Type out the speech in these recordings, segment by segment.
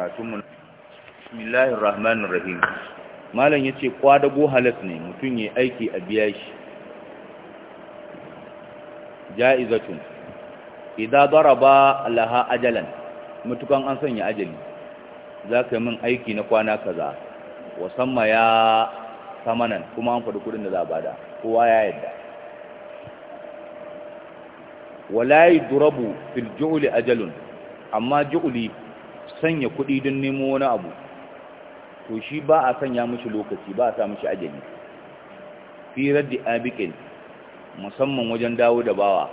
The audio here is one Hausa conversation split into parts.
karatunmu bismillahir rahmanir rahim malam yace kwadago halas ne mutun yayi aiki a biya shi jaizatun idan daraba laha ajalan mutukan an sanya ajali zaka yi min aiki na kwana kaza wasamma ya samanan kuma an fadi kudin da za bada kowa ya yadda wala yi fil ju'uli ajalun amma ju'uli sanya kuɗi don nemo wani abu to shi ba a sanya mashi lokaci ba a sa mashi ajali firar da abikin musamman wajen dawo da bawa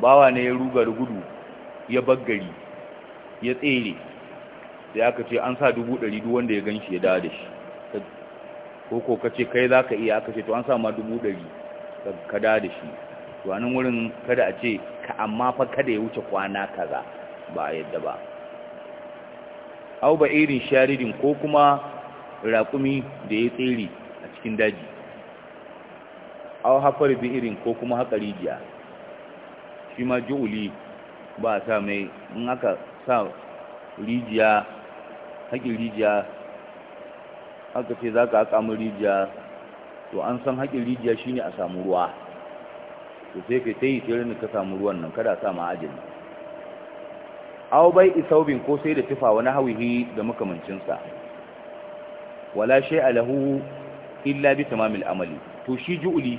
bawa ne ya ruga da gudu ya baggari ya tsere sai aka ce an sa dubu ɗari duk wanda ya ganshi ya dawo da shi ko ko ka ce kai za ka iya aka ce to an sa ma dubu ɗari ka dawo da shi to anan wurin kada a ce ka amma fa kada ya wuce kwana kaza ba a yadda ba au ba irin sharidin ko kuma raƙumi da ya tsere a cikin daji au hafar bi irin ko kuma haka rijiya shi ma ju'uli ba a sa mai in aka sa rijiya haƙin rijiya aka ce za ka haƙa mu rijiya to an san haƙin rijiya shi ne a samu ruwa to sai ka sai da ka samu ruwan nan kada a sa ma'ajin nan. aw bai isaubin ko sai da tufa wani hawihi da makamancinsa wala shay'a lahu illa bi tamamil amali to shi ju'uli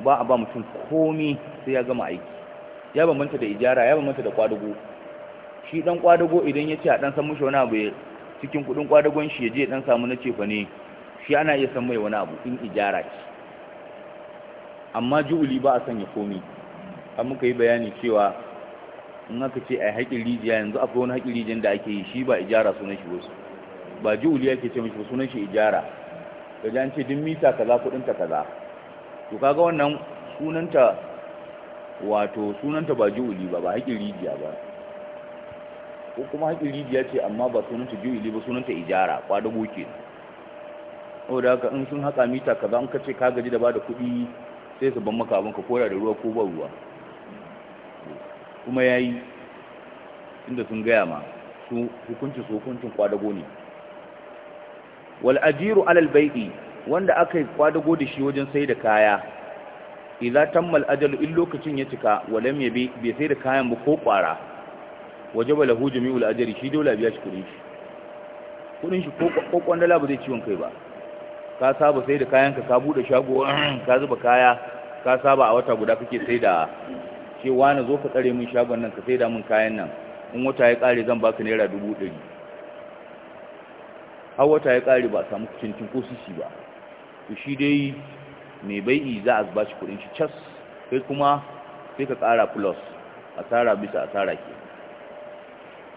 ba a ba mutum komi sai ya gama aiki ya bambanta da ijara ya bambanta da kwadugo shi dan kwadugo idan ya ce a dan san mushi wani abu cikin kudin kwadugon shi ya je dan samu na cefa ne shi ana iya san mai wani abu in ijara ce amma ju'uli ba a sanya komi an muka yi bayani cewa in aka ce a haƙin rijiya yanzu akwai wani haƙin rijiyar da ake yi shi ba ijara sunan shi wasu ba ji wuli yake ce mashi sunan shi ijara gaji an ce din mita kaza ta kaza to kaga wannan sunanta wato sunanta ba ji wuli ba ba haƙin rijiya ba ko kuma haƙin rijiya ce amma ba sunanta ji wuli ba sunanta ijara kwadago ke saboda haka in sun haƙa mita kaza in ka ce ka gaji da ba da kuɗi sai su ban maka abinka ko da ruwa ko ba ruwa kuma ya yi inda sun gaya ma su hukuncin su hukuncin kwadago ne wal ajiru alal bai'i wanda aka yi kwadago da shi wajen sai da kaya idza tammal ajalu in lokacin ya cika walam bi bai sai da kayan ba ko kwara wajaba lahu jami'ul ajri shi dole biya shi kudin shi kudin shi ko ko kwandala ba zai ciwon kai ba ka saba sai da kayan ka ka bude shago ka zuba kaya ka saba a wata guda kake sai da ce wani zo ka tsare min shagon nan ka da min kayan nan in wata ya ƙare zan baka naira dubu ɗari har wata ya ƙare ba a samu cincin ko sisi ba to shi dai mai bai'i za a zuba shi kuɗin shi cas sai kuma sai ka ƙara plus asara bisa asara ke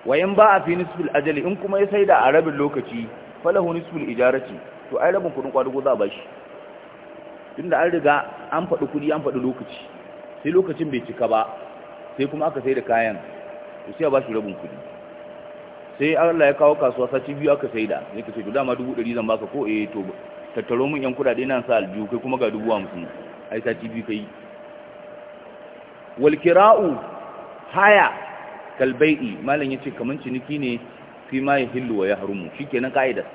wayan ba a fi nisful ajali in kuma ya saida a rabin lokaci falahu nisful ijarati to ai rabin kuɗin kwadugo za a ba shi tunda an riga an faɗi kuɗi an faɗi lokaci sai lokacin bai cika ba sai kuma aka sai da kayan sai a ba shi rabin kudi sai Allah ya kawo kasuwa sati biyu aka sai da ne kace to dama dubu ɗari zan baka ko eh to tattaro mun yan kudade nan sa aljihu kai kuma ga dubu hamsin ai sati biyu kai wal kira'u haya bai'i malam yace kaman ciniki ne fi ma yahillu wa yahrumu shikenan kaida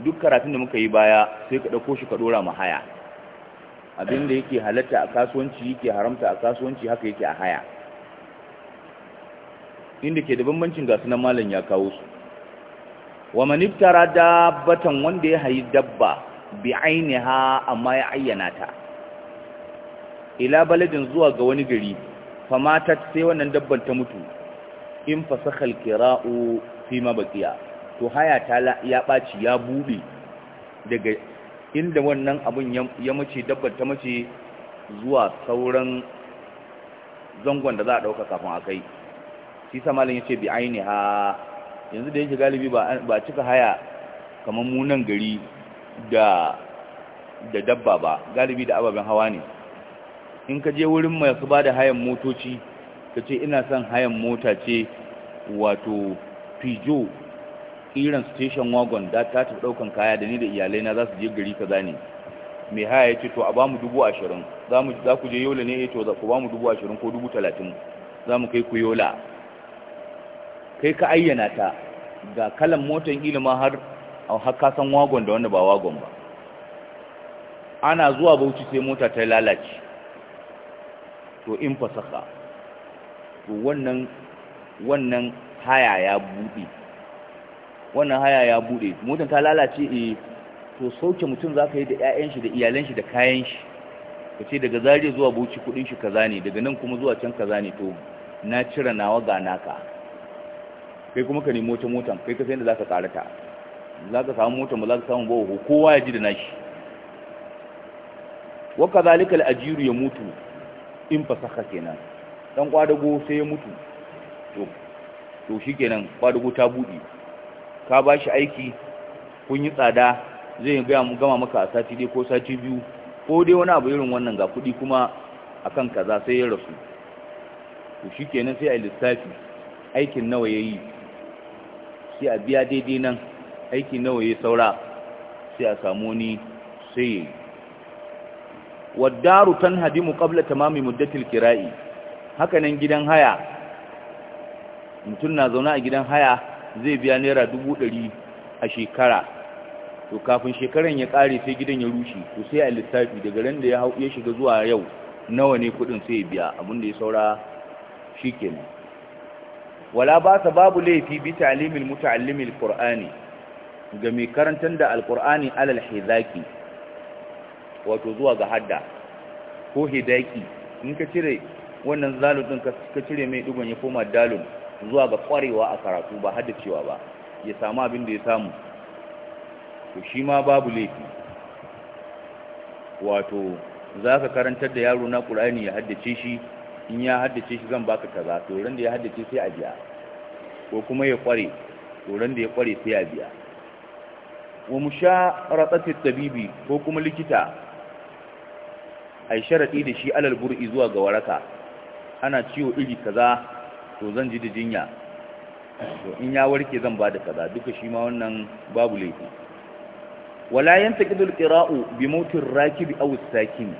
duk karatun da muka yi baya sai ka dauko shi ka dora mu haya abin da yake halatta a kasuwanci yake haramta a kasuwanci haka yake a haya inda ke da bambancin ga sunan malam ya kawo su wa iftara dabbatan wanda ya hayi dabba bi ainiha amma ya ayyana ta ila baladin zuwa ga wani gari famata sai wannan dabban ta mutu in fasakha al-qira'u fi mabqiya to haya ta ya baci ya bude daga inda wannan abun ya mace dabbar ta mace zuwa sauran zangon da za a ɗauka kafin a kai shi samalin malam ya ce bi aini ha yanzu da yake galibi ba cika haya kamar munan gari da dabba ba galibi da ababen hawa ne in ka je wurin mai su ba da hayan motoci ka ce ina son hayan mota ce wato pijo kiran station wagon da ta tafi ɗaukan kaya da ni da iyalai na za su je gari kaza ne Me haya ya ce to a bamu dubu ashirin za ku je yola ne ya eh, to za ku bamu dubu ashirin ko dubu talatin za mu kai ku yola kai ka ayyana ta ga kalan motan ilima har a kasan wagon da wanda ba wagon ba ana zuwa bauchi sai mota ta lalace to in fasaka to wannan wannan haya ya buɗe wannan haya ya bude motar ta lalace eh to sauke mutum za ka yi da ƴaƴan shi da iyalan shi da kayan shi ka ce daga zariya zuwa bauchi kudin shi kaza ne daga nan kuma zuwa can kaza ne to na cire nawa ga naka kai kuma ka nemi wata motan kai ka san da za ka tsara ta za ka samu motar ba za ka samu ba kowa ya ji da nashi wa kadhalika al-ajiru ya mutu in fasaka kenan dan kwadago sai ya mutu to to shikenan kwadago ta bude. ka ba shi aiki kun yi tsada zai gaya gama maka a sati dai ko sati biyu ko dai wani abu irin wannan ga kuɗi kuma a kan kaza sai ya rasu to shi kenan sai a yi lissafi aikin nawa ya yi sai a biya daidai nan aikin nawa ya saura sai a samu wani sai ya yi waddaru tan hadimu ta mami muddatil kira'i haka gidan haya mutum na zaune a gidan haya zai biya naira dubu ɗari a shekara to kafin shekaran ya ƙare sai gidan ya rushe to sai a lissafi daga ran da ya hau ya shiga zuwa yau nawa ne kuɗin sai biya abinda ya saura shi kenan wala ba sa babu laifi bi ta'limil muta'allimil qur'ani ga mai karantar da alqur'ani alal hizaki wato zuwa ga hadda ko hidaki in ka cire wannan zalun din ka cire mai digon ya koma dalun zuwa ga kwarewa a karatu ba cewa ba ya samu abin da ya samu to shi ma babu laifi wato za ka karantar da yaro na ƙur'ani ya haddace shi in ya haddace shi zan baka kaza to ran da ya haddace sai a biya ko kuma ya kware to ran da ya kware sai a biya wa musharatati tabibi ko kuma likita ai sharadi da shi alal bur'i zuwa ga waraka ana ciwo iri kaza to zan ji da jinya to in ya warke zan ba da kaza duka shi ma wannan babu laifi wala yantaqidu al-qira'u bi mautir rakibi aw as-sakin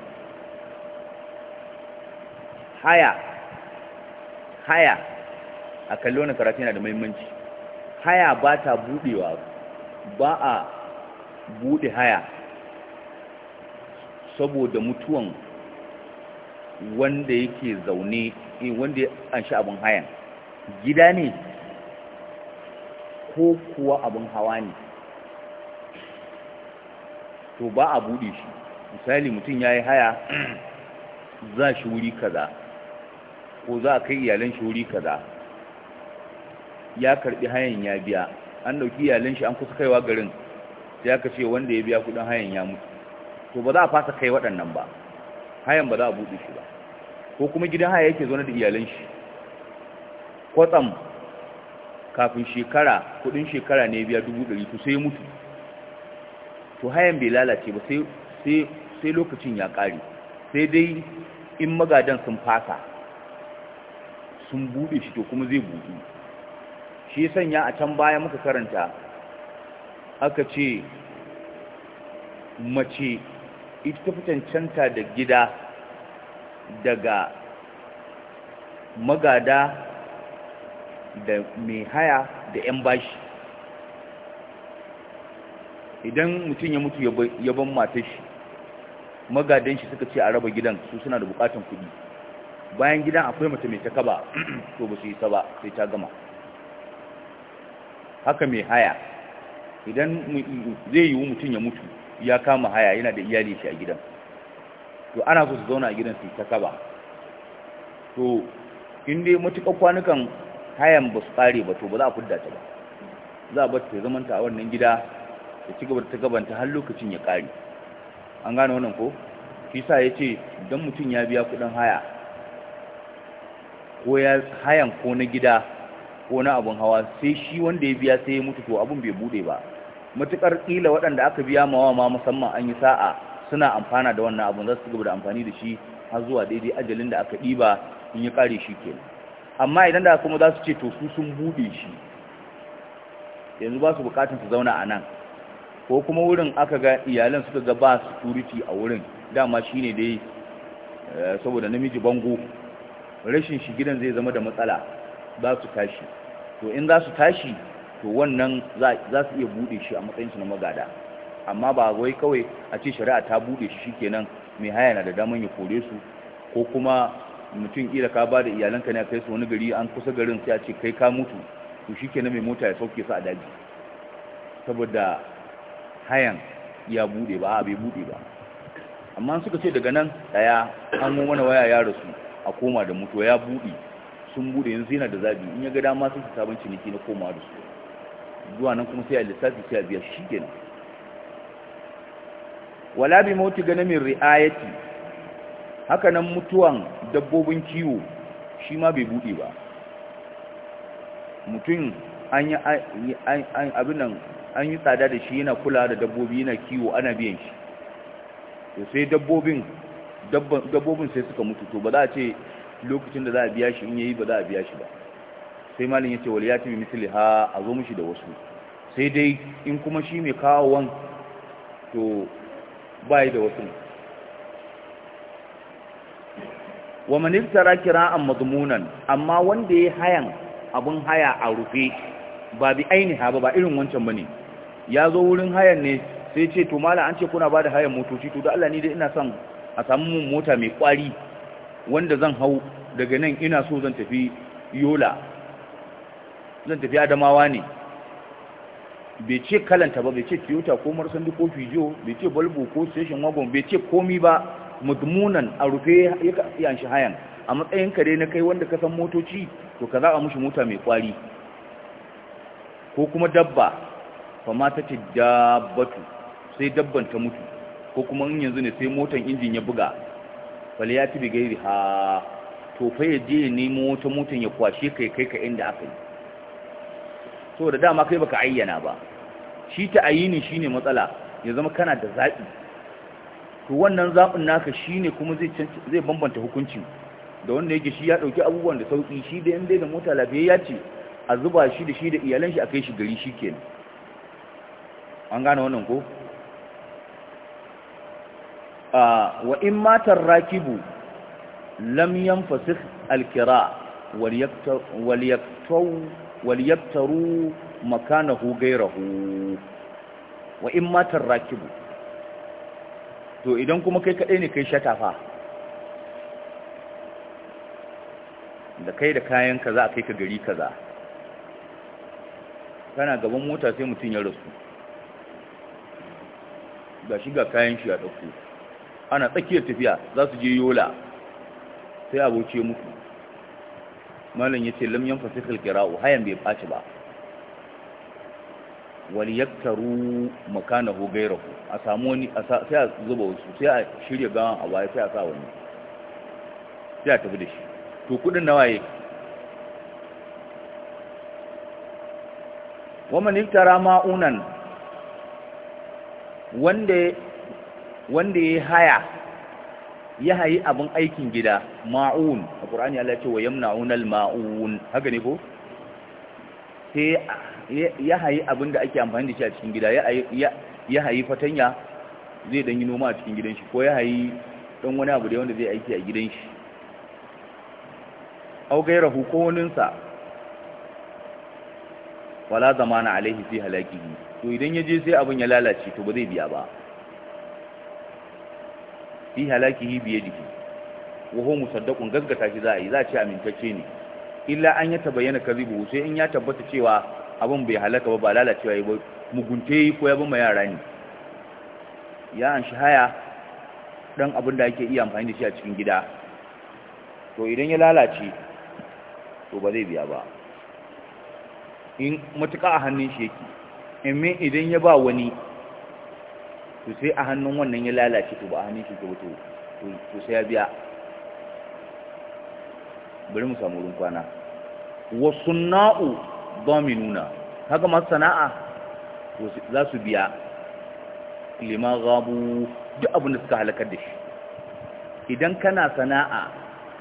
haya haya a kallo na karatu yana da muhimmanci haya ba ta budewa ba a bude haya saboda mutuwan wanda yake zaune eh, wanda an abin hayan gida ne ko kuwa abin hawa ne to ba a buɗe shi misali mutum ya yi haya za shi wuri kaza ko za a kai iyalan shi wuri kaza ya karɓi hayan ya biya an ɗauki iyalan shi an kusa kaiwa garin sai aka wanda ya biya kuɗin hayan ya mutu to ba za a fasa kai waɗannan ba hayan ba za a buɗe shi ba ko kuma gidan haya yake zaune da iyalan shi kwatsam kafin shekara kudin shekara ne biya dubu ɗari to sai mutu to hayan bai lalace ba sai lokacin ya ƙare sai dai in magadan sun fasa sun buɗe shi to kuma zai buɗe shi sanya a can baya muka karanta aka ce mace ita ta cancanta da gida daga magada da mai haya da 'yan bashi idan mutum ya mutu yaban matar shi magadan shi suka ce a raba gidan su suna da bukatan kudi bayan gidan akwai mata mai takaba to ba su yi saba sai ta gama haka mai haya idan zai yiwu mutum ya mutu ya kama haya yana da iyali shi a gidan to ana so su zauna a gidan su ta saba to in dai matuƙar kwanukan hayan ba su tsare ba to ba za a kudda ta ba za a bata zaman ta a wannan gida ta ci gaba ta gabanta har lokacin ya ƙare an gane wannan ko shi sa ya ce don mutum ya biya kuɗin haya ko ya hayan ko na gida ko na abin hawa sai shi wanda ya biya sai ya mutu to abin bai bude ba matukar ƙila waɗanda aka biya mawa ma musamman an yi sa'a suna amfana da wannan abun za su gaba da amfani da shi har zuwa daidai ajalin da aka ɗiba in yi ƙare shi kenan amma idan da kuma za su ce to su sun buɗe shi yanzu ba su bukatun su zauna a nan ko kuma wurin aka ga iyalan suka ga ba security a wurin dama shine dai eh, saboda namiji bango rashin shi gidan zai zama da matsala za su tashi to in za su tashi to wannan za su iya bude shi a matsayinsu na magada amma ba wai kawai a ce shari'a ta bude shi shikenan mai haya na da daman ya kore su ko kuma mutum kila ka ba da iyalanka ne a kai su wani gari an kusa garin sai a ce kai ka mutu to shikenan mai mota ya sauke su a daji saboda hayan ya bude ba a bai bude ba amma suka ce daga nan daya an wani waya ya rasu a koma da mutuwa ya bude sun bude yanzu yana da zabi in ya ga dama sun sabon ciniki na koma da su zuwa nan kuma sai a lissafi sai a biya shi nan. wala bi mauti ganamin ri'ayati haka nan mutuwan dabbobin kiwo shi ma bai buɗe ba mutum an yi abinan tsada da shi yana kula da dabbobi yana kiwo ana biyan shi to sai dabbobin dabbobin sai suka mutu to ba za a ce lokacin da za a biya shi in yayi ba za a biya shi ba sai malin yace ya yati misali ha a zo mushi da wasu sai dai in kuma shi mai kawowan to bai da wasu wa man iftara kira'an madmunan amma wanda yayi hayan abun haya a rufe ba bi ainiha ba ba irin wancan bane ya zo wurin hayan ne sai ce to mala an ce kuna ba da hayan motoci to da Allah ni dai ina son a samu mun mota mai kwari wanda zan hau daga nan ina so zan tafi yola zan tafi adamawa ne bai ce kalanta ba bai ce toyota ko marsandi ko fijo bai ce balbo ko station wagon bai ce komi ba mudmunan a rufe ya shi hayan a matsayin kare na kai wanda ka san motoci to ka za a mushi mota mai kwari ko kuma dabba fa mata ce dabbatu sai dabban ta mutu ko kuma in yanzu ne sai motan injin ya buga Fali ya ci bigairi ha to fa ya je ya nemo wata motan ya kwashe kai kai ka inda aka yi so da dama kai baka ayyana ba shi ta ayini shine matsala ya zama kana da zaɓi to wannan zaɓin naka shine kuma zai zai bambanta hukuncin da wanda yake shi ya ɗauki abubuwan da sauki shi da yan da mota ya ce a zuba shi da shi da iyalan shi a kai shi gari shi an gane wannan ko wa in matar rakibu lam yanfasikh alkira wal yaktaw waliyabtaru makanahu gairahu wa in matar rakibu to idan kuma kai kaɗai ne kai shatafa da kai da kayan kaza a kai ka gari kaza kana gaban mota sai mutum ya rasu ga shi ga kayan shi a dauko. ana tsakiyar tafiya za su je yola sai abuce mutu malam yace lam yanfasikh alqira'u hayan bai faci ba wal yaktaru makanahu gairahu a samu wani sai a zuba wasu sai a shirya gawan a waye sai a sa wani sai a tafi da shi to kudin na waye. waman iftara ma'unan wanda wanda ya haya ya hayi abin aikin gida ma'un a ƙura'ani Allah ya ce wa yamna'un al-ma'un haka ne ko sai ya hayi abin da ake amfani da shi a cikin gida ya hayi fatanya zai ɗanyi yi noma a cikin gidan shi ko ya hayi ɗan wani abu da wanda zai aiki a gidan shi au gaira hukoninsa wala zamana alaihi sai halakihi to idan ya je sai abin ya lalace to ba zai biya ba fi halakihi biye jiki wa huwa musaddaqun gaskata shi za a yi za a ce amintacce ne illa an ya tabayyana kazibu sai in ya tabbata cewa abin bai halaka ba ba lalacewa ya ba mugunte yi ko ya bama yara ne ya an shi haya dan abin da ake iya amfani da shi a cikin gida to idan ya lalace to ba zai biya ba in matuƙa a hannun shi yake amma idan ya ba wani to sai a hannun wannan ya lalace to ba a hannun shi to to sai ya biya bari mu samu wurin kwana wasu na'u dominuna haka masu sana'a za su biya Liman gabu duk abin da suka halakar da shi idan kana sana'a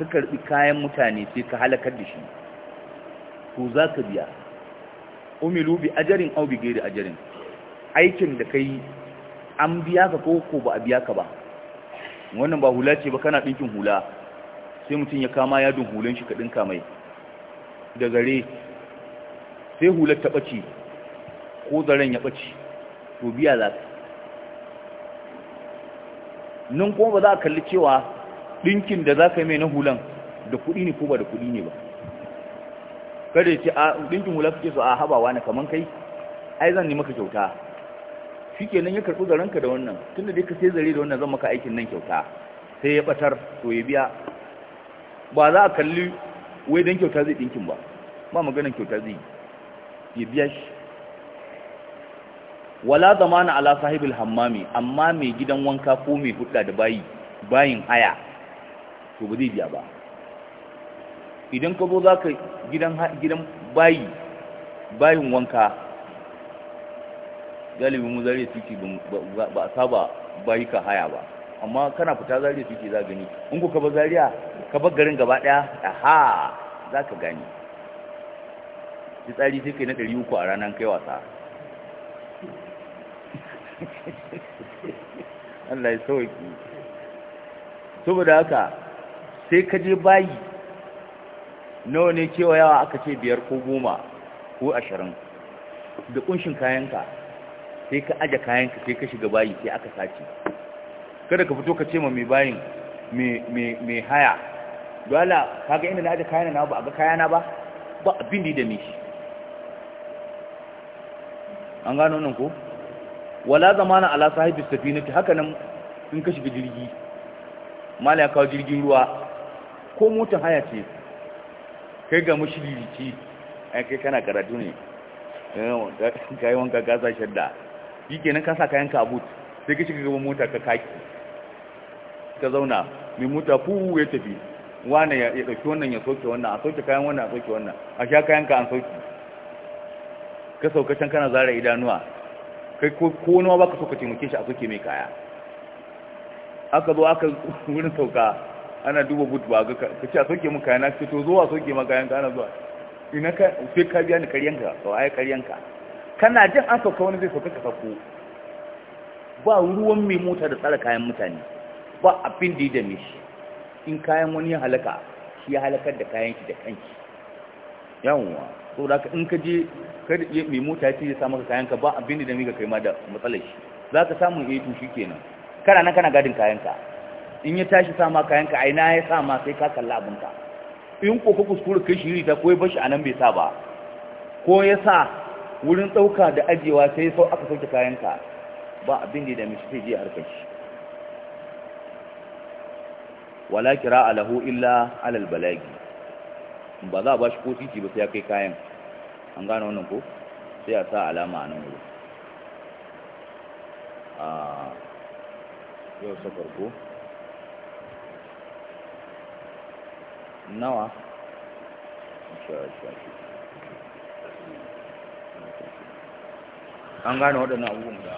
ka karbi kayan mutane sai ka halakar da shi to za ka biya umilu bi ajarin au bi gairi ajarin aikin da kai an biya ka ko ko ba a biya ka ba wannan ba hula ce ba kana ɗinkin hula sai mutum ya kama yadin hulan shi ka ɗinka mai da gare sai hular ta ɓace ko zaren ya ɓace to biya za ka nun kuma ba za a kalli cewa ɗinkin da za ka mai na hulan da kuɗi ne ko ba da kuɗi ne ba kada ya ce a ɗinkin hula suke so a habawa na kaman kai ai zan ne maka kyauta shikenan ya karɓi garanka da wannan tunda dai ka sai zare da wannan zan maka aikin nan kyauta sai ya batar to ya biya ba za a kalli wai dan kyauta zai dinkin ba ba maganar kyauta zai ya biya shi wala zamana ala sahibul hammami amma mai gidan wanka ko mai hudda da bayi bayin haya to ba zai biya ba idan ka zo za ka gidan bayi bayin wanka galibin mu zariya suke ba a saba ka haya ba amma kana fita zariya suke za gani in ku ka ba zariya ka bar garin gaba daya aha za ka gani tsari sai kai na ɗari uku a ranar kai wasa Allah ya sauki saboda haka sai ka je bayi nawa ne cewa yawa aka ce biyar ko goma ko ashirin da kunshin kayanka sai ka aje kayanka sai ka shiga bayi sai aka sace kada ka fito ka ce ma mai bayin mai haya dole kaga inda na aje kayana na ba a ga kayana ba ba abin da ni shi an gano nan ko wala zamana ala sahibi safinati haka nan in ka shiga jirgi mala ya kawo jirgin ruwa ko motar haya ce kai ga mashi liriki ai kai kana karatu ne eh, kai wanka ka shadda yi kenan kasa kayan kabut sai ka shiga gaban mota ka kaki ka zauna mai mota fu ya tafi wane ya ɗauki wannan ya soke wannan a soke kayan wannan a soke wannan a sha kayan ka an soke ka sauka can kana zara idanuwa kai ko wani ba ka so ka taimake shi a soke mai kaya aka zo aka wurin sauka ana duba but ba ga ka ce a soke mu kayana ce to zo a soke ma kayan ka ana zuwa ina ka sai ka biya ni karyanka sau ai karyanka kana jin an sauka wani zai sauka ka ba ruwan mai mota da tsara kayan mutane ba abin da ya dame shi in kayan wani ya halaka shi ya halakar da kayan shi da kanki yawonwa so da ka in ka je kada mai mota ce ya samu ka kayan ka ba abin da dame ka kai ma da matsalar shi za ka samu ya eh yi kenan kana nan kana gadin kayanka. in ya tashi sama kayanka, a ina ya sama sai ka kalla abinka? in ko ka kuskure kai shi ta ko ya bar shi a nan bai sa ba ko ya sa wurin ɗauka da ajiyewa sai sau aka sauke kayanka ba abin da mai shi sai a harkar shi wala kira alahu illa alal balagi ba za a ba shi ko titi ba sai ya kai kayan an gane wannan ko sai a sa alama a nan wuri a yau safar ko nawa shi an gane waɗannan abubuwan da